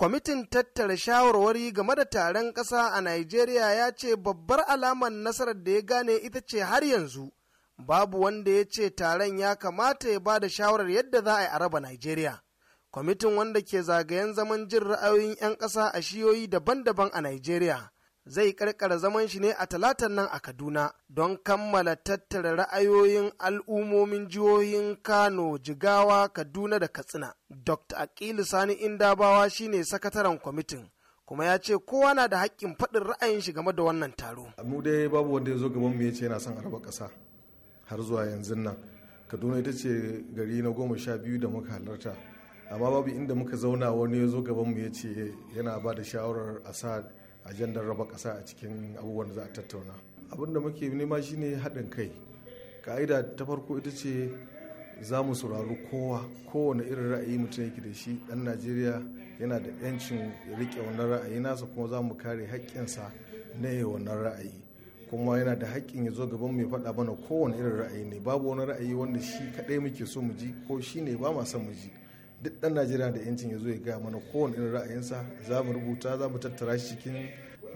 Kwamitin tattara shawarwari game da taron ƙasa a Najeriya ya ce babbar alamar nasarar da ya gane ita ce har yanzu babu wanda ya ce taron ya kamata ya ba da shawarar yadda za a yi a raba Najeriya. Kwamitin wanda ke zagayen zaman jin ra'ayoyin 'yan ƙasa a shiyoyi daban-daban a Najeriya zai karkara zaman shi ne a talatan nan a Kaduna don kammala tattara ra'ayoyin al'ummomin jihohin Kano, Jigawa, Kaduna da Katsina. Dr. Akilu Sani Indabawa shine sakataren kwamitin. kuma ya ce kowa na da hakkin faɗin ra'ayin shi game da wannan taro. mu dai babu wanda ya zo gaban mu ya ce yana son araba ƙasa har zuwa yanzu nan kaduna ita ce gari na goma sha biyu da muka halarta amma babu inda muka zauna wani ya zo gaban mu ya ce yana ba da shawarar a ajandar raba ƙasa a cikin abubuwan da za a tattauna abin da muke nema shine haɗin kai ka'ida ta farko ita ce za mu saurari kowa kowane irin ra'ayi mutum yake da shi ɗan najeriya yana da 'yancin riƙe wannan ra'ayi nasa kuma za mu kare haƙƙinsa na yi wannan ra'ayi kuma yana da haƙƙin ya zo gaban mai faɗa mana kowane irin ra'ayi ne babu wani ra'ayi wanda shi kaɗai muke so mu ji ko shi ne ba ma son mu ji duk dan najeriya da yancin ya zo ya gaya mana kowane irin ra'ayinsa za mu rubuta za mu tattara shi cikin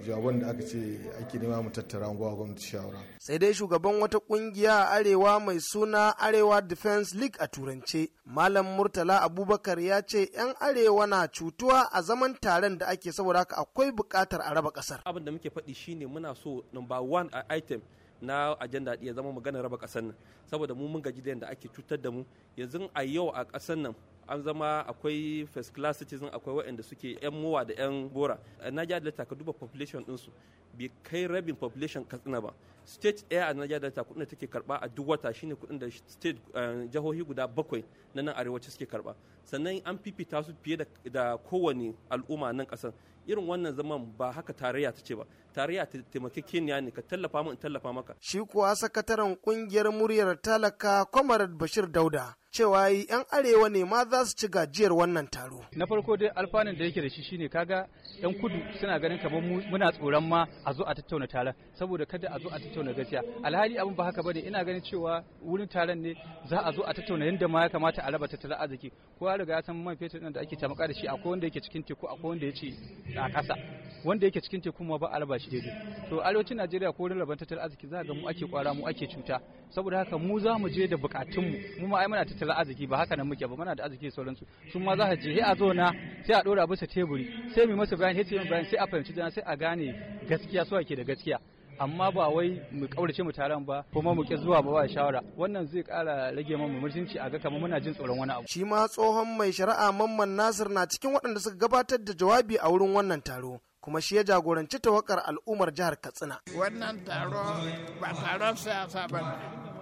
jawaban da aka ce ake nema mu tattara ngwa gwamnati shawara sai dai shugaban wata kungiya a arewa mai suna arewa defense league a turance malam murtala abubakar ya ce yan arewa na cutuwa a zaman taron da ake saboda haka akwai bukatar a raba kasar abin da muke faɗi shine muna so number one a item na ajanda ya zama maganar raba kasar nan saboda mu mun gaji da yadda ake cutar da mu yanzu a yau a kasar nan an zama akwai first class citizen akwai waɗanda suke 'yan mowa da 'yan bora eh, niger delta ka duba population ɗinsu bai kai rabin population katsina ba state ɗaya a niger delta kuɗin da take karba a duk wata shine kuɗin da state eh, jihohi guda bakwai na nan arewaci suke karba sannan an fifita su fiye da kowane al'umma nan kasar irin wannan zaman ba haka tarayya ta ce ba tarayya ta kenya ne ka tallafa min tallafa maka shi kuwa sakataren kungiyar muryar talaka comrade bashir dauda cewa yi 'yan arewa ne ma za su ci gajiyar wannan taro. Na farko dai alfanun da yake da shi shine kaga 'yan kudu suna ganin kamar muna tsoron ma a zo a tattauna taron saboda kada a zo a tattauna gaskiya. Alhali abin ba haka bane ina ganin cewa wurin taron ne za a zo a tattauna yadda ma ya kamata a raba tattalin arziki. Kowa riga ya san man fetur da ake tamaka da shi akwai wanda yake cikin teku akwai wanda yake a ƙasa. Wanda yake cikin teku ma ba a raba shi daidai. To arewacin Najeriya ko wurin raban tattalin arziki za ga mu ake kwara mu ake cuta. Saboda haka mu za mu je da bukatunmu mu ma ai muna tattalin tattara arziki ba haka nan muke ba muna da arziki sauransu sun ma za a je a zo na sai a dora bisa teburi sai mu masa bayani sai bayani sai a fahimci jana sai a gane gaskiya su ke da gaskiya amma ba wai mu kaurace mu taron ba kuma mu ki zuwa ba ba shawara wannan zai kara rage mu mutunci a ga kamar muna jin tsoron wani abu shi ma tsohon mai shari'a Mamman Nasir na cikin waɗanda suka gabatar da jawabi a wurin wannan taro kuma shi ya jagoranci tawakar al'ummar jihar Katsina wannan taro ba taron siyasa ba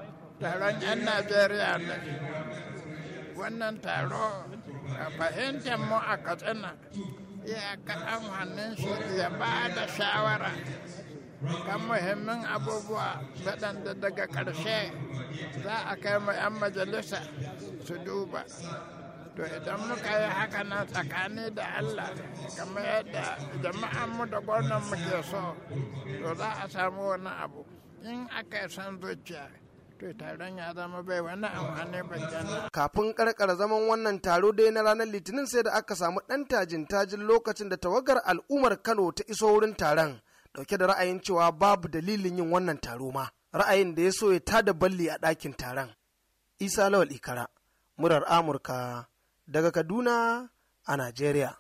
taron 'yan najeriya ne wannan taro fahimtar mu a katsina ya kaɗan hannun shi ya ba da shawara kan muhimmin abubuwa waɗanda daga ƙarshe za a kai mu 'yan majalisa su duba to idan muka yi haka na tsakani da Allah kamar yadda jama'an mu da gwamnan mu ke so to za a samu wani abu in aka yi san zuciya to taron ya zama bai wani amfani Kafin karkara zaman wannan taro dai na ranar Litinin sai da aka samu ɗan tajin tajin lokacin da tawagar al'ummar Kano ta iso wurin taron dauke da ra'ayin cewa babu dalilin yin wannan taro ma. Ra'ayin da ya so ya tada balli a ɗakin taron. Isa Lawal Ikara, murar Amurka daga Kaduna a Najeriya.